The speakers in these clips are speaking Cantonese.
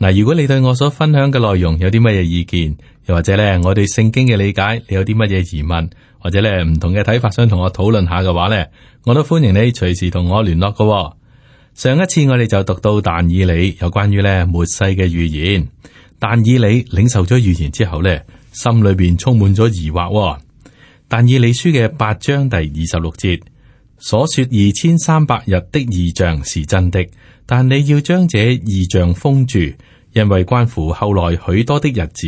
嗱，如果你對我所分享嘅內容有啲乜嘢意見，又或者咧，我對聖經嘅理解，你有啲乜嘢疑問，或者咧，唔同嘅睇法，想同我討論下嘅話咧，我都歡迎你隨時同我聯絡、哦。噶上一次我哋就讀到但以理有關於咧末世嘅預言，但以理領受咗預言之後咧，心裏邊充滿咗疑惑、哦。但以理書嘅八章第二十六節。所說二千三百日的異象是真的，但你要將這異象封住，因為關乎後來許多的日子。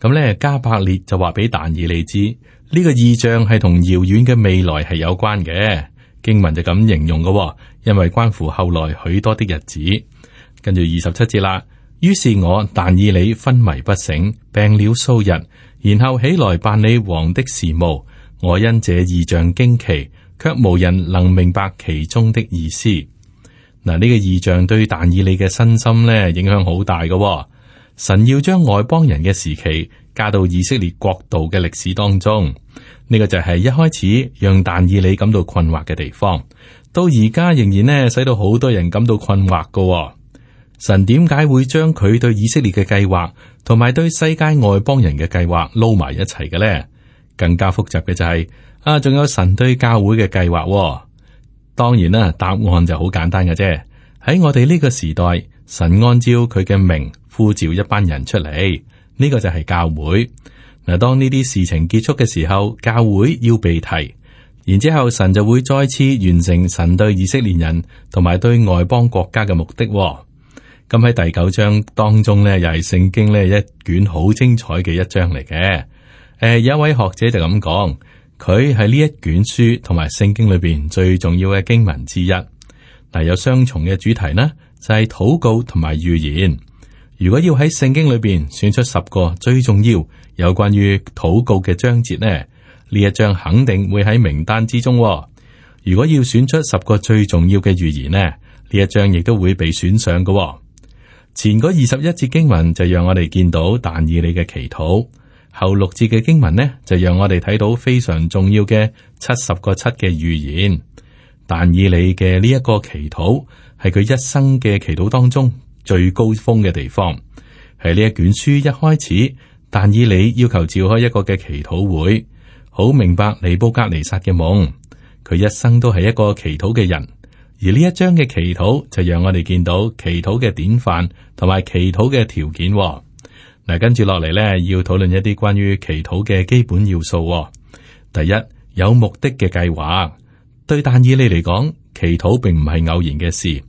咁咧，加百列就話俾但以理知呢個異象係同遙遠嘅未來係有關嘅。經文就咁形容嘅，因為關乎後來許多的日子。跟住二十七節啦，於是我但以理昏迷不醒，病了數日，然後起來辦理王的事務。我因這異象驚奇。卻無人能明白其中的意思。嗱，呢個異象對但以理嘅身心咧影響好大嘅，哦。神要將外邦人嘅時期加到以色列國度嘅歷史當中，呢、呢個就係一開始讓但以理感到困惑嘅地方。到而家仍然呢，使到好多人感到困惑嘅，哦。神點解會將佢對以色列嘅計劃同埋對世界外邦人嘅計劃撈埋一齊嘅咧？更加複雜嘅就係，是。啊，仲有神對教會嘅計劃，當然啦，答案就好簡單嘅啫。喺我哋呢個時代，神按照佢嘅名呼召一班人出嚟，呢、這個就係教會嗱、啊。當呢啲事情結束嘅時候，教會要被提，然之後神就會再次完成神對以色列人同埋對外邦國家嘅目的。咁、啊、喺第九章當中呢，又係聖經呢一卷好精彩嘅一章嚟嘅。誒、啊，有一位學者就咁講。佢係呢一卷書同埋聖經裏邊最重要嘅經文之一，但有雙重嘅主題呢，就係禱告同埋預言。如果要喺聖經裏邊選出十個最重要有關於禱告嘅章節呢，呢一章肯定會喺名單之中。如果要選出十個最重要嘅預言呢，呢一章亦都會被選上嘅。前嗰二十一節經文就讓我哋見到但以理嘅祈禱。後六節嘅經文呢，就讓我哋睇到非常重要嘅七十個七嘅預言。但以理嘅呢一個祈禱，係佢一生嘅祈禱當中最高峰嘅地方。喺呢一卷書一開始，但以理要求召開一個嘅祈禱會，好明白尼布甲尼撒嘅夢。佢一生都係一個祈禱嘅人，而呢一章嘅祈禱就讓我哋見到祈禱嘅典範同埋祈禱嘅條件、哦。跟住落嚟咧，要討論一啲關於祈禱嘅基本要素、哦。第一，有目的嘅計劃。對但以理嚟講，祈禱並唔係偶然嘅事。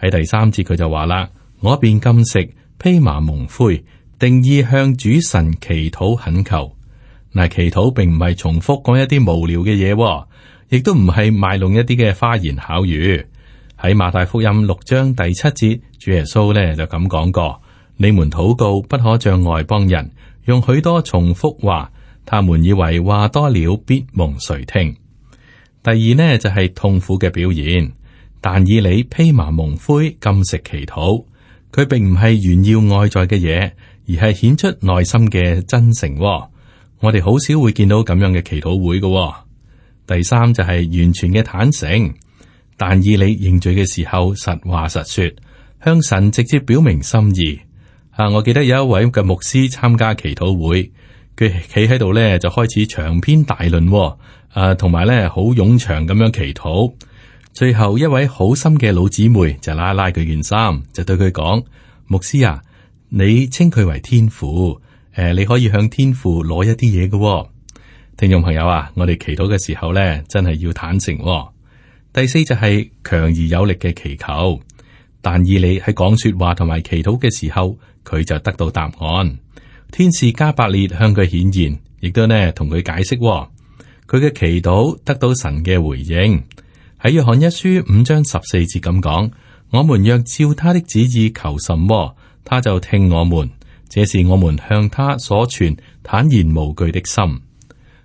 喺第三節佢就話啦：我便禁食，披麻蒙灰，定意向主神祈禱懇求。嗱，祈禱並唔係重複講一啲無聊嘅嘢、哦，亦都唔係賣弄一啲嘅花言巧語。喺馬太福音六章第七節，主耶穌咧就咁講過。你們禱告不可像外邦人，用許多重複話，他們以為話多了必蒙垂聽。第二呢就係、是、痛苦嘅表現，但以理披麻蒙灰，禁食祈禱，佢並唔係炫耀外在嘅嘢，而係顯出內心嘅真誠、哦。我哋好少會見到咁樣嘅祈禱會噶、哦。第三就係完全嘅坦誠，但以理認罪嘅時候，實話實說，向神直接表明心意。啊！我記得有一位嘅牧師參加祈禱會，佢企喺度咧，就開始長篇大論、哦。誒、啊，同埋咧，好冗長咁樣祈禱。最後一位好心嘅老姊妹就拉拉佢件衫，就對佢講：牧師啊，你稱佢為天父，誒、啊，你可以向天父攞一啲嘢嘅。聽眾朋友啊，我哋祈禱嘅時候咧，真係要坦誠、哦。第四就係強而有力嘅祈求，但以理喺講說話同埋祈禱嘅時候。佢就得到答案。天使加百列向佢顯現，亦都呢同佢解釋、哦。佢嘅祈禱得到神嘅回應。喺約翰一書五章十四節咁講：我們若照他的旨意求什麼、哦，他就聽我們。這是我們向他所存坦然無懼的心。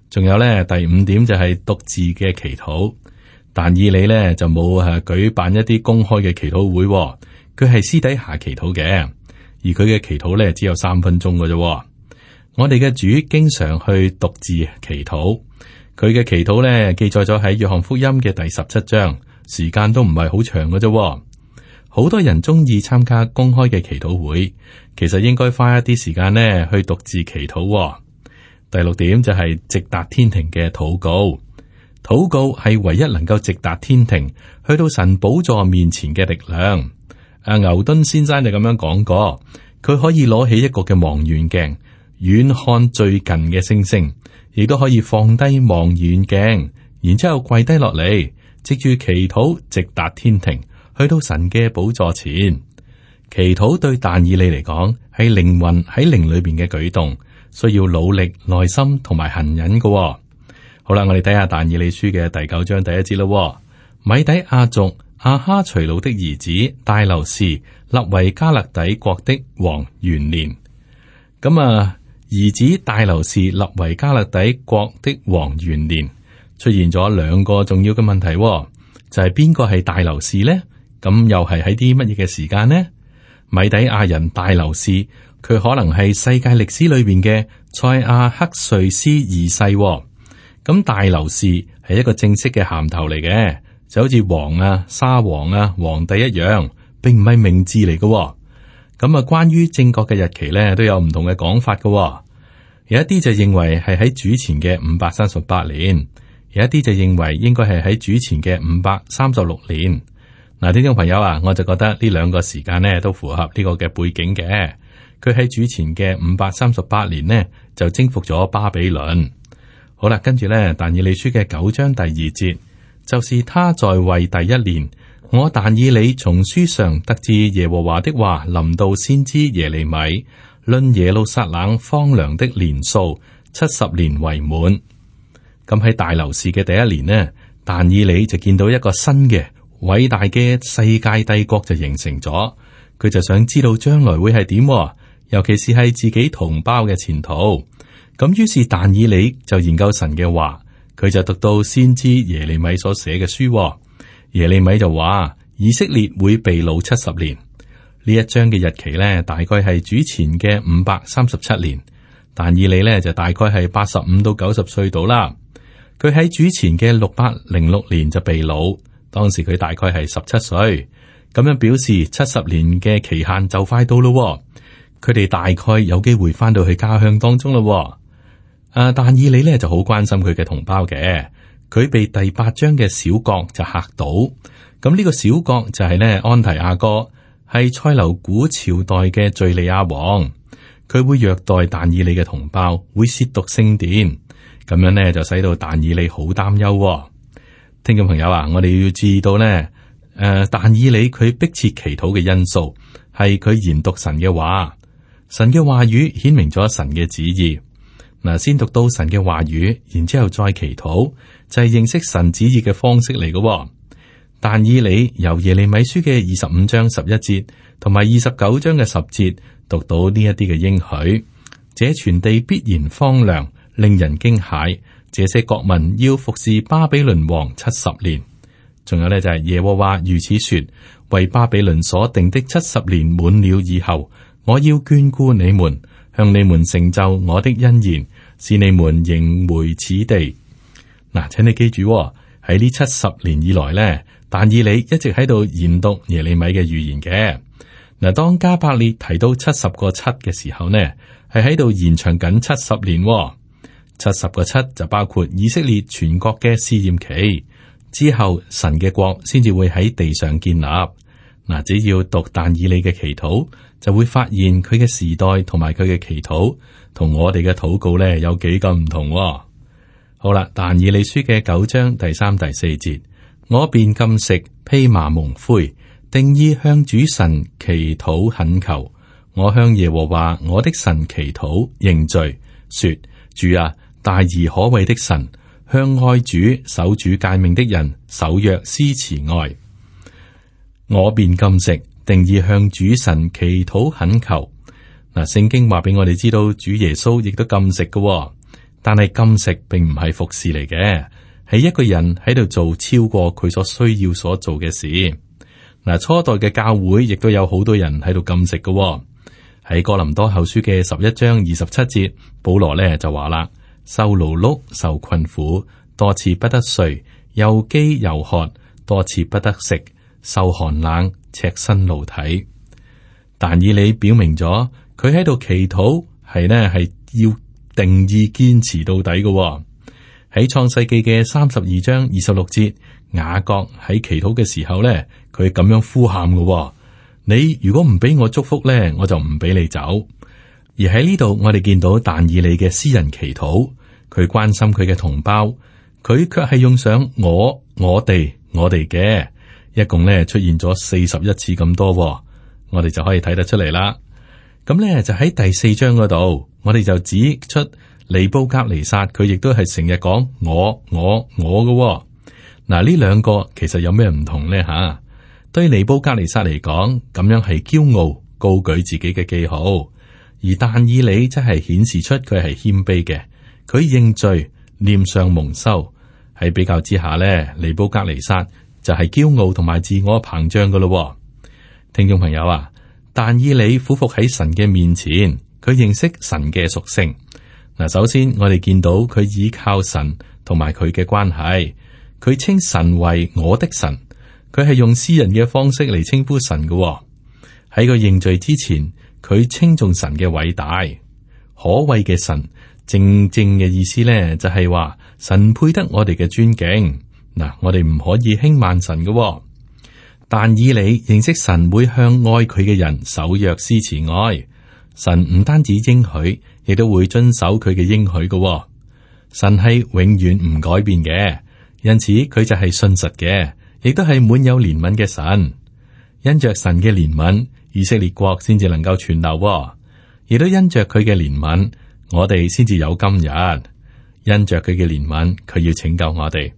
仲有，呢第五點就係獨自嘅祈禱，但以理呢就冇誒舉辦一啲公開嘅祈禱會、哦，佢係私底下祈禱嘅。而佢嘅祈禱咧只有三分鐘嘅啫，我哋嘅主經常去獨自祈禱，佢嘅祈禱咧記載咗喺約翰福音嘅第十七章，時間都唔係好長嘅啫。好多人中意參加公開嘅祈禱會，其實應該花一啲時間呢去獨自祈禱哦。第六點就係直達天庭嘅禱告，禱告係唯一能夠直達天庭，去到神寶座面前嘅力量。阿牛頓先生就咁樣講過，佢可以攞起一個嘅望遠鏡遠看最近嘅星星，亦都可以放低望遠鏡，然之後跪低落嚟，藉住祈禱直達天庭，去到神嘅寶座前。祈禱對但以理嚟講係靈魂喺靈裏邊嘅舉動，需要努力、耐心同埋恆忍嘅、哦。好啦，我哋睇下但以理書嘅第九章第一節咯，米底亞族。亞、啊、哈隨魯的兒子大流士立為加勒底國的王元年，咁啊，兒子大流士立為加勒底國的王元年，出現咗兩個重要嘅問題、哦,就係邊個係大流士呢？咁又係喺啲乜嘢嘅時間呢？米底亞人大流士，佢可能係世界歷史裏邊嘅塞亞克瑞斯二世、哦，咁大流士係一個正式嘅銜頭嚟嘅。就好似王啊、沙皇啊、皇帝一樣，並唔係名字嚟嘅。咁啊，關於正確嘅日期咧，都有唔同嘅講法嘅、哦。有一啲就認為係喺主前嘅五百三十八年，有一啲就認為應該係喺主前嘅五百三十六年。嗱，聽眾朋友啊，我就覺得呢兩個時間咧都符合呢個嘅背景嘅。佢喺主前嘅五百三十八年呢，就征服咗巴比倫。好啦，跟住咧但以理書嘅九章第二節。就是他在位第一年，我但以理從書上得知耶和華的話臨到先知耶利米，論耶路撒冷荒涼的年數，七十年為滿。咁、嗯、喺大流士嘅第一年呢，但以理就見到一個新嘅偉大嘅世界帝國就形成咗，佢就想知道將來會係點，尤其是係自己同胞嘅前途。咁、嗯、於是但以理就研究神嘅話。佢就讀到先知耶利米所寫嘅書、哦，耶利米就話以色列會被擄七十年。呢一章嘅日期咧，大概係主前嘅五百三十七年。但以理咧就大概係八十五到九十歲度啦。佢喺主前嘅六百零六年就被擄，當時佢大概係十七歲，咁樣表示七十年嘅期限就快到咯、哦。佢哋大概有機會翻到去家鄉當中咯、哦。啊！但以理咧就好關心佢嘅同胞嘅。佢被第八章嘅小角就嚇到，咁呢個小角就係呢安提阿哥，係塞琉古朝代嘅敘利亞王。佢會虐待但以理嘅同胞，會褻瀆聖殿，咁樣呢就使到但以理好擔憂、哦。聽眾朋友啊，我哋要注意到咧。誒、啊，但以理佢迫切祈禱嘅因素係佢研讀神嘅話，神嘅話語顯明咗神嘅旨意。先讀到神嘅話語，然之後再祈禱，就係、是、認識神旨意嘅方式嚟嘅、哦。但以理由耶利米書嘅二十五章十一節同埋二十九章嘅十節讀到呢一啲嘅應許，這全地必然荒涼，令人驚駭。這些國民要服侍巴比倫王七十年。仲有呢，就係、是、耶和華如此說：為巴比倫所定的七十年滿了以後，我要眷顧你們，向你們成就我的恩言。是你們迎回此地。嗱，請你記住喺呢七十年以來咧，但以理一直喺度研讀耶利米嘅預言嘅。嗱，當加百列提到七十個七嘅時候呢，係喺度延長緊七十年。七十個七就包括以色列全國嘅試驗期之後，神嘅國先至會喺地上建立。嗱，只要讀但以理嘅祈禱，就會發現佢嘅時代同埋佢嘅祈禱。同我哋嘅禱告呢，有幾個唔同、哦？好啦，但以理書嘅九章第三、第四節，我便禁食披麻蒙灰，定意向主神祈禱懇求。我向耶和華我的神祈禱認罪，說：主啊，大而可畏的神，向愛主守主誡命的人守約施慈愛，我便禁食，定意向主神祈禱懇求。嗱，聖經話俾我哋知道，主耶穌亦都禁食嘅、哦，但係禁食並唔係服侍嚟嘅，係一個人喺度做超過佢所需要所做嘅事。嗱，初代嘅教會亦都有好多人喺度禁食嘅、哦，喺哥林多後書嘅十一章二十七節，保羅呢就話啦：受勞碌、受困苦、多次不得睡、又飢又渴、多次不得食、受寒冷、赤身露體，但以理表明咗。佢喺度祈禱，係呢，係要定義堅持到底嘅。喺創世紀嘅三十二章二十六節，雅各喺祈禱嘅時候呢，佢咁樣呼喊嘅、哦。你如果唔俾我祝福呢，我就唔俾你走。而喺呢度，我哋見到但以理嘅私人祈禱，佢關心佢嘅同胞，佢卻係用上我、我哋、我哋嘅，一共呢，出現咗四十一次咁多、哦。我哋就可以睇得出嚟啦。咁咧就喺第四章嗰度，我哋就指出尼布格尼撒佢亦都係成日講我我我嘅、哦。嗱、啊、呢兩個其實有咩唔同呢？吓、啊？對尼布格尼撒嚟講，咁樣係驕傲高舉自己嘅記號；而但以理即係顯示出佢係謙卑嘅，佢認罪，臉上蒙羞，喺比較之下呢，尼布格尼撒就係驕傲同埋自我膨脹嘅咯、哦。聽眾朋友啊！但以理俯伏喺神嘅面前，佢認識神嘅屬性。嗱，首先我哋見到佢倚靠神同埋佢嘅關係，佢稱神為我的神，佢係用私人嘅方式嚟稱呼神嘅。喺佢認罪之前，佢稱重神嘅偉大，可畏嘅神。正正嘅意思咧，就係話神配得我哋嘅尊敬。嗱，我哋唔可以輕慢神嘅。但以你認識神，會向愛佢嘅人守約施慈愛。神唔單止應許，亦都會遵守佢嘅應許嘅。神係永遠唔改變嘅，因此佢就係信實嘅，亦都係滿有憐憫嘅神。因着神嘅憐憫，以色列國先至能夠存留，亦都因着佢嘅憐憫，我哋先至有今日。因着佢嘅憐憫，佢要拯救我哋。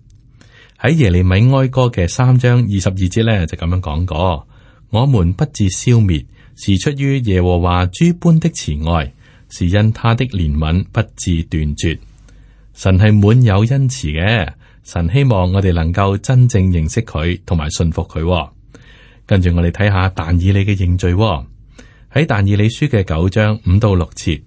喺耶利米哀歌嘅三章二十二節咧，就咁樣講過：我們不至消滅，是出於耶和華諸般的慈愛，是因他的憐憫不至斷絕。神係滿有恩慈嘅，神希望我哋能夠真正認識佢，同埋信服佢，哦。跟住我哋睇下但以理嘅認罪，喺但以理書嘅九章五到六節，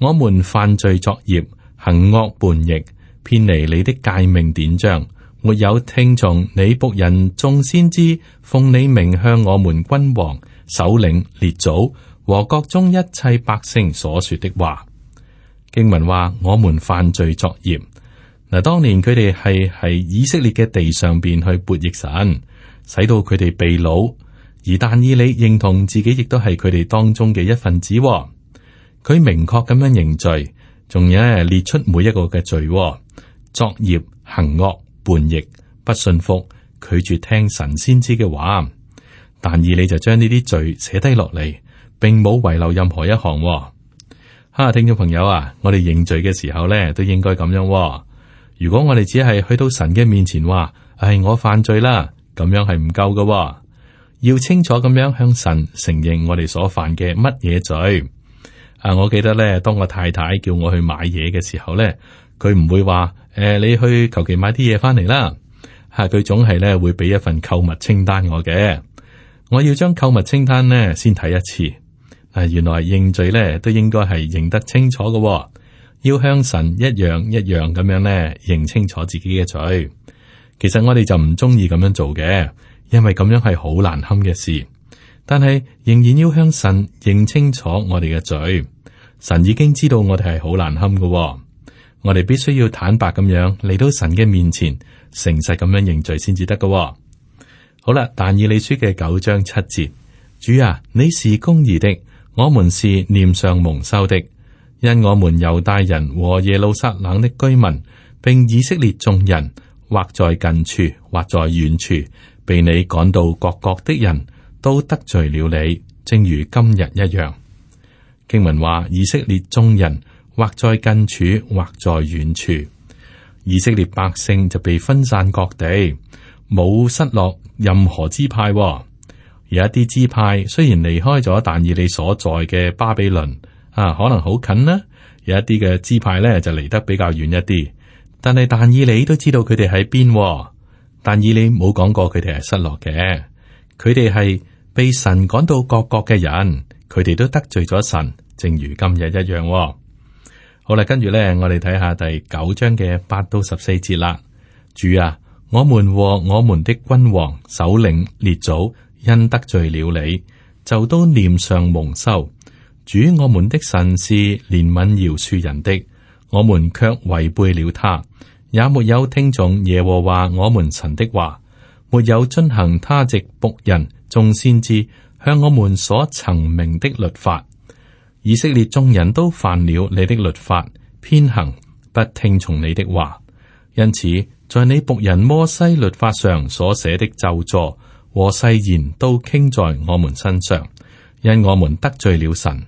我們犯罪作業行惡叛逆，偏離你的誡命典章。沒有聽從你僕人眾先知奉你名向我們君王、首領、列祖和國中一切百姓所說的話。經文話，我們犯罪作孽，嗱。當年佢哋係喺以色列嘅地上邊去撥逆神，使到佢哋被擄。而但以理認同自己亦都係佢哋當中嘅一份子，佢明確咁樣認罪，仲有列出每一個嘅罪作孽行惡。叛逆、不信服、拒絕聽神先知嘅話，但以理，你就將呢啲罪寫低落嚟，並冇遺留任何一項、哦。哈，聽眾朋友啊，我哋認罪嘅時候咧都應該咁樣、哦。如果我哋只係去到神嘅面前話，唉、哎，我犯罪啦，咁樣係唔夠嘅、哦。要清楚咁樣向神承認我哋所犯嘅乜嘢罪。啊，我記得咧，當我太太叫我去買嘢嘅時候咧，佢唔會話。誒、呃，你去求其買啲嘢翻嚟啦，吓、啊、佢總係咧會俾一份購物清單我嘅，我要將購物清單咧先睇一次。啊，原來認罪呢，都應該係認得清楚嘅、哦，要向神一樣一樣咁樣咧認清楚自己嘅罪。其實我哋就唔中意咁樣做嘅，因為咁樣係好難堪嘅事。但係仍然要向神認清楚我哋嘅罪，神已經知道我哋係好難堪嘅、哦。我哋必須要坦白咁樣嚟到神嘅面前，誠實咁樣認罪先至得嘅。好啦，但以理書嘅九章七節，主啊，你是公義的，我們是臉上蒙羞的，因我們猶大人和耶路撒冷的居民，並以色列眾人，或在近處，或在遠處，被你趕到各國的人都得罪了你，正如今日一樣。經文話以色列眾人。或在近處，或在遠處，以色列百姓就被分散各地，冇失落任何支派、哦。有一啲支派雖然離開咗，但以理所在嘅巴比倫啊，可能好近啦。有一啲嘅支派咧就離得比較遠一啲，但係但以理都知道佢哋喺邊，但以理冇講過佢哋係失落嘅。佢哋係被神趕到各國嘅人，佢哋都得罪咗神，正如今日一樣、哦。好啦，跟住咧，我哋睇下第九章嘅八到十四節啦。主啊，我們和我們的君王、首領、列祖因得罪了你，就都臉上蒙羞。主我們的神是憐憫饒恕人的，我們卻違背了他，也沒有聽從耶和華我們神的話，沒有遵行他藉僕人眾先知向我們所陳明的律法。以色列眾人都犯了你的律法，偏行不聽從你的話，因此在你僕人摩西律法上所寫的咒詛和誓言都傾在我們身上，因我們得罪了神，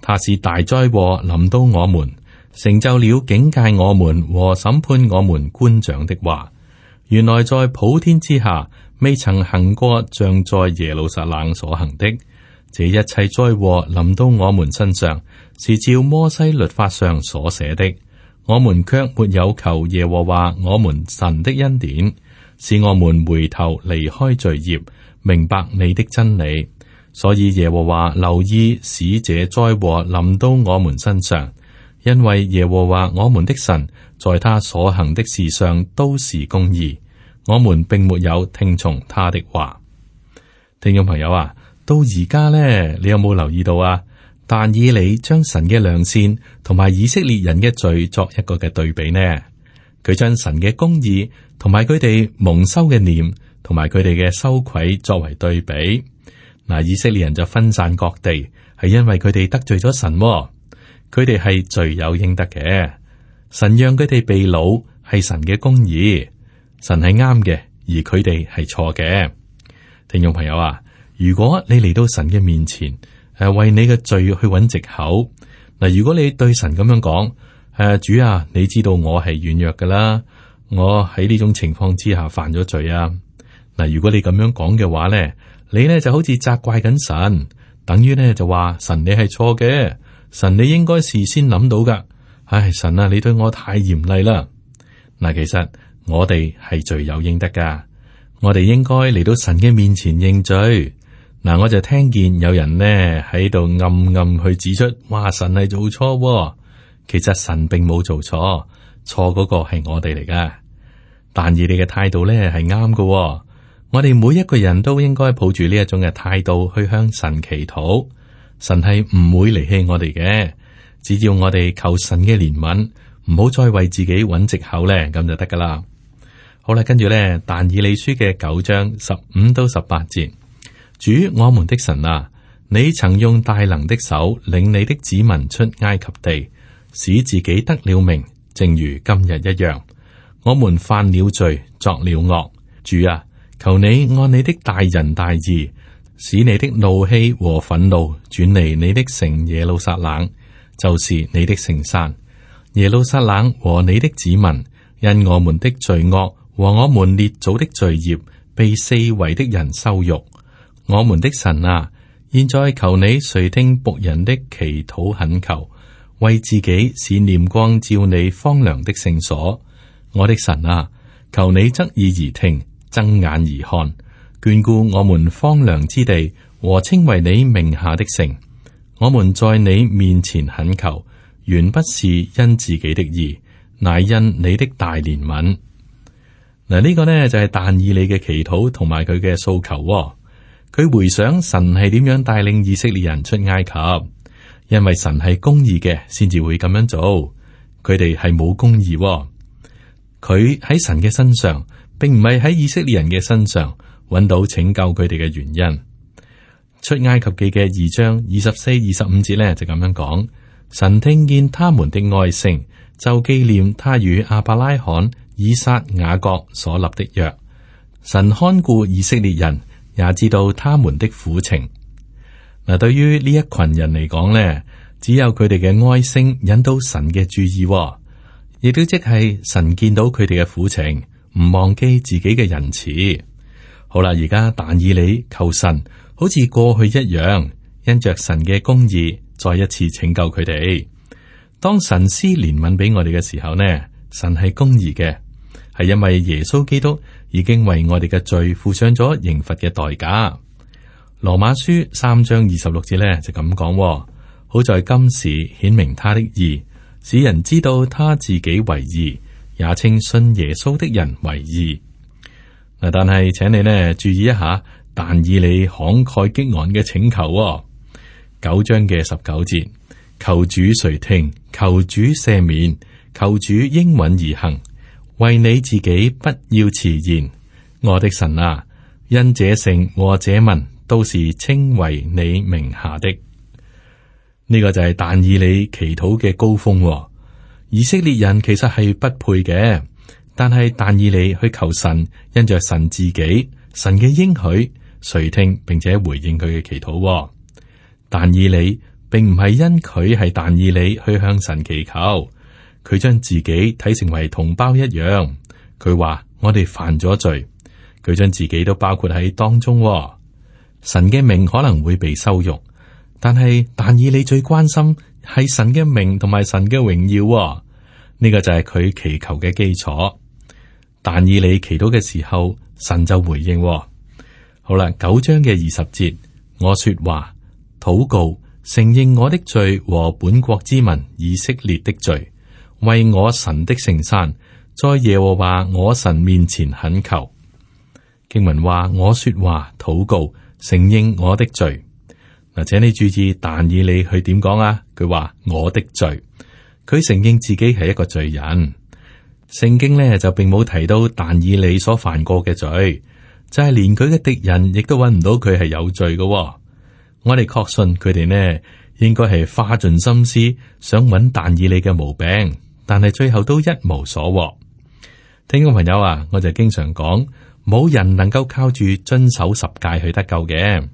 他是大災禍臨到我們，成就了警戒我們和審判我們官長的話。原來在普天之下未曾行過像在耶路撒冷所行的。這一切災禍臨到我們身上，是照摩西律法上所寫的，我們卻沒有求耶和華我們神的恩典，使我們回頭離開罪孽，明白你的真理。所以耶和華留意使這災禍臨到我們身上，因為耶和華我們的神在他所行的事上都是公義，我們並沒有聽從他的話。聽眾朋友啊！到而家呢，你有冇留意到啊？但以理將神嘅良善同埋以色列人嘅罪作一個嘅對比呢？佢將神嘅公義同埋佢哋蒙羞嘅念同埋佢哋嘅羞愧作為對比。嗱，以色列人就分散各地，係因為佢哋得罪咗神，佢哋係罪有應得嘅。神讓佢哋被擄，係神嘅公義，神係啱嘅，而佢哋係錯嘅。聽眾朋友啊！如果你嚟到神嘅面前，誒、啊，為你嘅罪去揾藉口。嗱、啊，如果你對神咁樣講，誒、啊，主啊，你知道我係軟弱噶啦，我喺呢種情況之下犯咗罪啊。嗱、啊，如果你咁樣講嘅話呢，你呢就好似責怪緊神，等於呢就話神你係錯嘅，神你應該事先諗到噶。唉、哎，神啊，你對我太嚴厲啦。嗱、啊，其實我哋係罪有應得噶，我哋應該嚟到神嘅面前認罪。嗱，我就聽見有人呢喺度暗暗去指出，話神係做錯，哦，其實神並冇做錯，錯嗰個係我哋嚟噶。但以理嘅態度咧係啱嘅，我哋每一個人都應該抱住呢一種嘅態度去向神祈禱，神係唔會離棄我哋嘅，只要我哋求神嘅憐憫，唔好再為自己揾藉口咧，咁就得噶啦。好啦，跟住咧，但以理書嘅九章十五到十八節。主我們的神啊，你曾用大能的手領你的子民出埃及地，使自己得了名，正如今日一樣。我們犯了罪，作了惡。主啊，求你按你的大仁大義，使你的怒氣和憤怒轉離你的城耶路撒冷，就是你的聖山耶路撒冷和你的子民，因我們的罪惡和我們列祖的罪孽被四圍的人羞辱。我們的神啊，現在求你垂聽僕人的祈禱懇求，為自己使臉光照你荒涼的聖所。我的神啊，求你側耳而聽，睜眼而看，眷顧我們荒涼之地和稱為你名下的城。我們在你面前懇求，原不是因自己的義，乃因你的大憐憫。嗱，呢個呢就係但以理嘅祈禱同埋佢嘅訴求。佢回想神係點樣帶領以色列人出埃及，因為神係公義嘅，先至會咁樣做。佢哋係冇公義，佢喺神嘅身上，並唔係喺以色列人嘅身上揾到拯救佢哋嘅原因。出埃及記嘅二章二十四、二十五節咧，就咁樣講：神聽見他們的愛性，就紀念他與阿伯拉罕、以撒、雅各所立的約。神看顧以色列人。也知道他們的苦情。嗱、啊，對於呢一群人嚟講咧，只有佢哋嘅哀聲引到神嘅注意，哦，亦都即係神見到佢哋嘅苦情，唔忘記自己嘅仁慈。好啦，而家但以理求神，好似過去一樣，因着神嘅公義，再一次拯救佢哋。當神施憐憫俾我哋嘅時候呢，神係公義嘅。係因為耶穌基督已經為我哋嘅罪付上咗刑罰嘅代價。羅馬書三章二十六節呢就咁講、哦，好在今時顯明他的義，使人知道他自己為義，也稱信耶穌的人為義。嗱，但係請你呢注意一下，但以理慷慨激昂嘅請求、哦，九章嘅十九節，求主垂聽，求主赦免，求主應允而行。為你自己不要遲延。「我的神啊！因這城我這民都是稱為你名下的，呢、這個就係但以理祈禱嘅高峰、哦。以色列人其實係不配嘅，但係但以理去求神，因着神自己，神嘅應許，誰聽並且回應佢嘅祈禱、哦。但以理並唔係因佢係但以理去向神祈求。佢將自己睇成為同胞一樣。佢話我哋犯咗罪，佢將自己都包括喺當中、哦。神嘅名可能會被羞辱，但係但以理最關心係神嘅名同埋神嘅榮耀呢、哦，呢個就係佢祈求嘅基礎。但以理祈禱嘅時候，神就回應、哦。好啦，九章嘅二十節，我說話禱告，承認我的罪和本國之民以色列的罪。為我神的聖山，在耶和華我神面前懇求。經文話：我說話禱告，承認我的罪。嗱，請你注意，但以理佢點講啊？佢話我的罪，佢承認自己係一個罪人。聖經呢就並冇提到但以理所犯過嘅罪，就係、是、連佢嘅敵人亦都揾唔到佢係有罪嘅、哦。我哋確信佢哋呢應該係花盡心思想揾但以理嘅毛病。但係最後都一無所獲。聽眾朋友啊，我就經常講，冇人能夠靠住遵守十誡去得救嘅。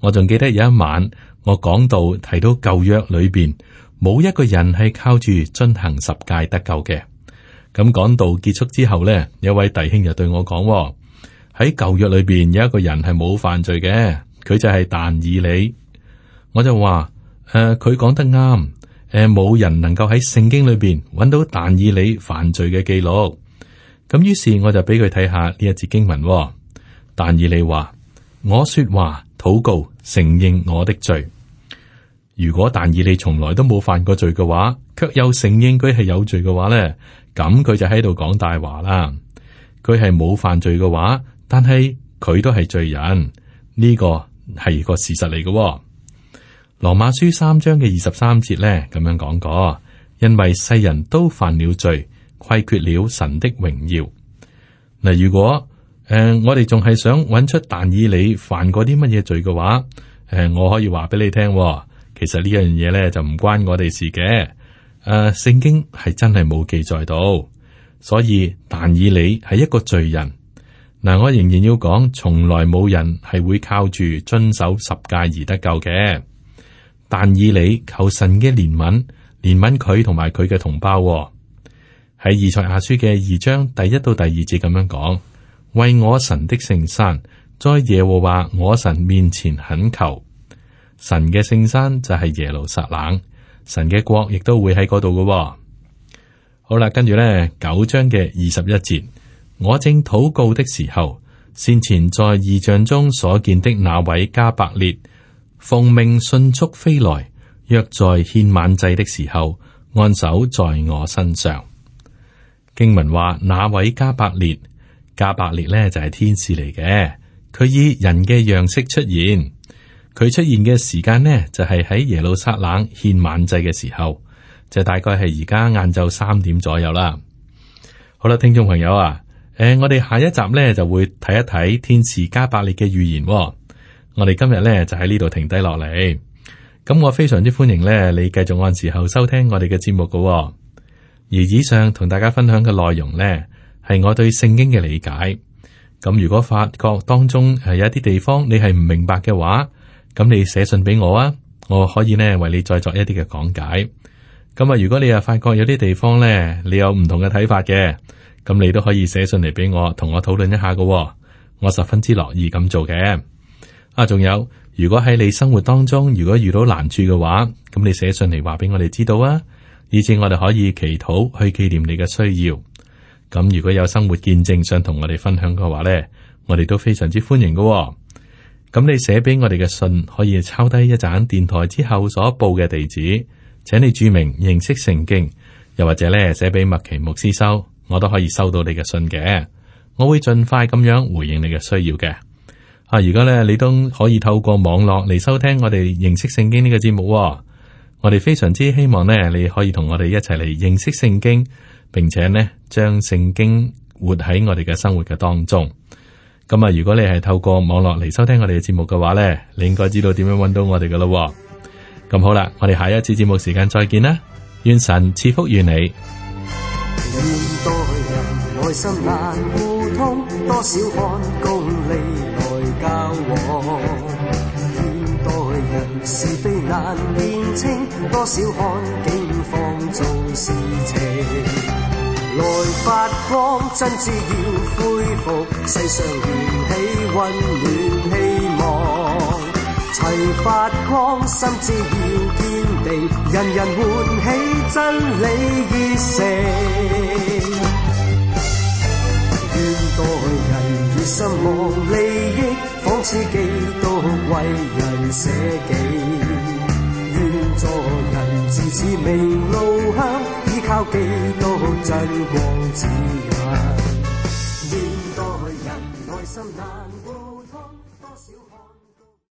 我仲記得有一晚，我講道提到舊約裏邊冇一個人係靠住遵行十誡得救嘅。咁講道結束之後呢，有位弟兄就對我講，喺舊約裏邊有一個人係冇犯罪嘅，佢就係但以理。我就話誒，佢、呃、講得啱。誒，冇人能夠喺聖經裏邊揾到但以理犯罪嘅記錄。咁於是我就俾佢睇下呢一節經文。但以理話：我說話、禱告、承認我的罪。如果但以理從來都冇犯過罪嘅話，卻又承認佢係有罪嘅話呢，咁佢就喺度講大話啦。佢係冇犯罪嘅話，但係佢都係罪人，呢、這個係個事實嚟嘅。羅馬書三章嘅二十三節咧，咁樣講過，因為世人都犯了罪，虧缺了神的榮耀。嗱，如果誒、呃、我哋仲係想揾出但以理犯過啲乜嘢罪嘅話，誒、呃，我可以話俾你聽，其實呢樣嘢咧就唔關我哋事嘅。誒、呃，聖經係真係冇記載到，所以但以理係一個罪人。嗱、呃，我仍然要講，從來冇人係會靠住遵守十誡而得救嘅。但以理求神嘅憐憫，憐憫佢同埋佢嘅同胞，哦。喺以賽亞書嘅二章第一到第二節咁樣講：為我神的聖山，在耶和華我神面前懇求。神嘅聖山就係耶路撒冷，神嘅國亦都會喺嗰度嘅。好啦，跟住咧九章嘅二十一節，我正禱告的時候，先前在異象中所見的那位加百列。奉命迅速飛來，約在獻晚祭的時候，按手在我身上。經文話：那位加百列，加百列呢就係天使嚟嘅，佢以人嘅樣式出現，佢出現嘅時間呢就係喺耶路撒冷獻晚祭嘅時候，就大概係而家晏晝三點左右啦。好啦，聽眾朋友啊，誒，我哋下一集呢就會睇一睇天使加百列嘅預言。我哋今日咧就喺呢度停低落嚟，咁我非常之歡迎咧你繼續按時候收聽我哋嘅節目㗎喎。而以上同大家分享嘅內容呢，係我對聖經嘅理解。咁如果發覺當中係有一啲地方你係唔明白嘅話，咁你寫信俾我啊，我可以呢，為你再作一啲嘅講解。咁啊，如果你又發覺有啲地方呢，你有唔同嘅睇法嘅，咁你都可以寫信嚟俾我，同我討論一下㗎喎。我十分之樂意咁做嘅。啊，仲有，如果喺你生活當中，如果遇到難處嘅話，咁你寫信嚟話俾我哋知道啊，以至我哋可以祈禱去紀念你嘅需要。咁如果有生活見證想同我哋分享嘅話咧，我哋都非常之歡迎嘅喎。咁你寫俾我哋嘅信可以抄低一盞電台之後所報嘅地址，請你注明認識聖經，又或者咧寫俾麥奇牧師收，我都可以收到你嘅信嘅，我會盡快咁樣回應你嘅需要嘅。啊！如果咧你都可以透過網絡嚟收聽我哋認識聖經呢、呢個節目、哦，我哋非常之希望呢，你可以同我哋一齊嚟認識聖經，並且呢，將聖經活喺我哋嘅生活嘅當中。咁、嗯、啊，如果你係透過網絡嚟收聽我哋嘅節目嘅話呢，你應該知道點樣揾到我哋噶咯。咁、嗯、好啦，我哋下一次節目時間再見啦，願神賜福於你。交往，現代人是非難辨清，多少看境況做事情。來發光，真摯要恢復，世上燃起温暖希望。齊發光，心志要堅定，人人喚起真理熱誠。待人熱心忘利益，仿似幾多為人捨己；願助人自此明路向，依靠幾多真光指引。面對人內心難關。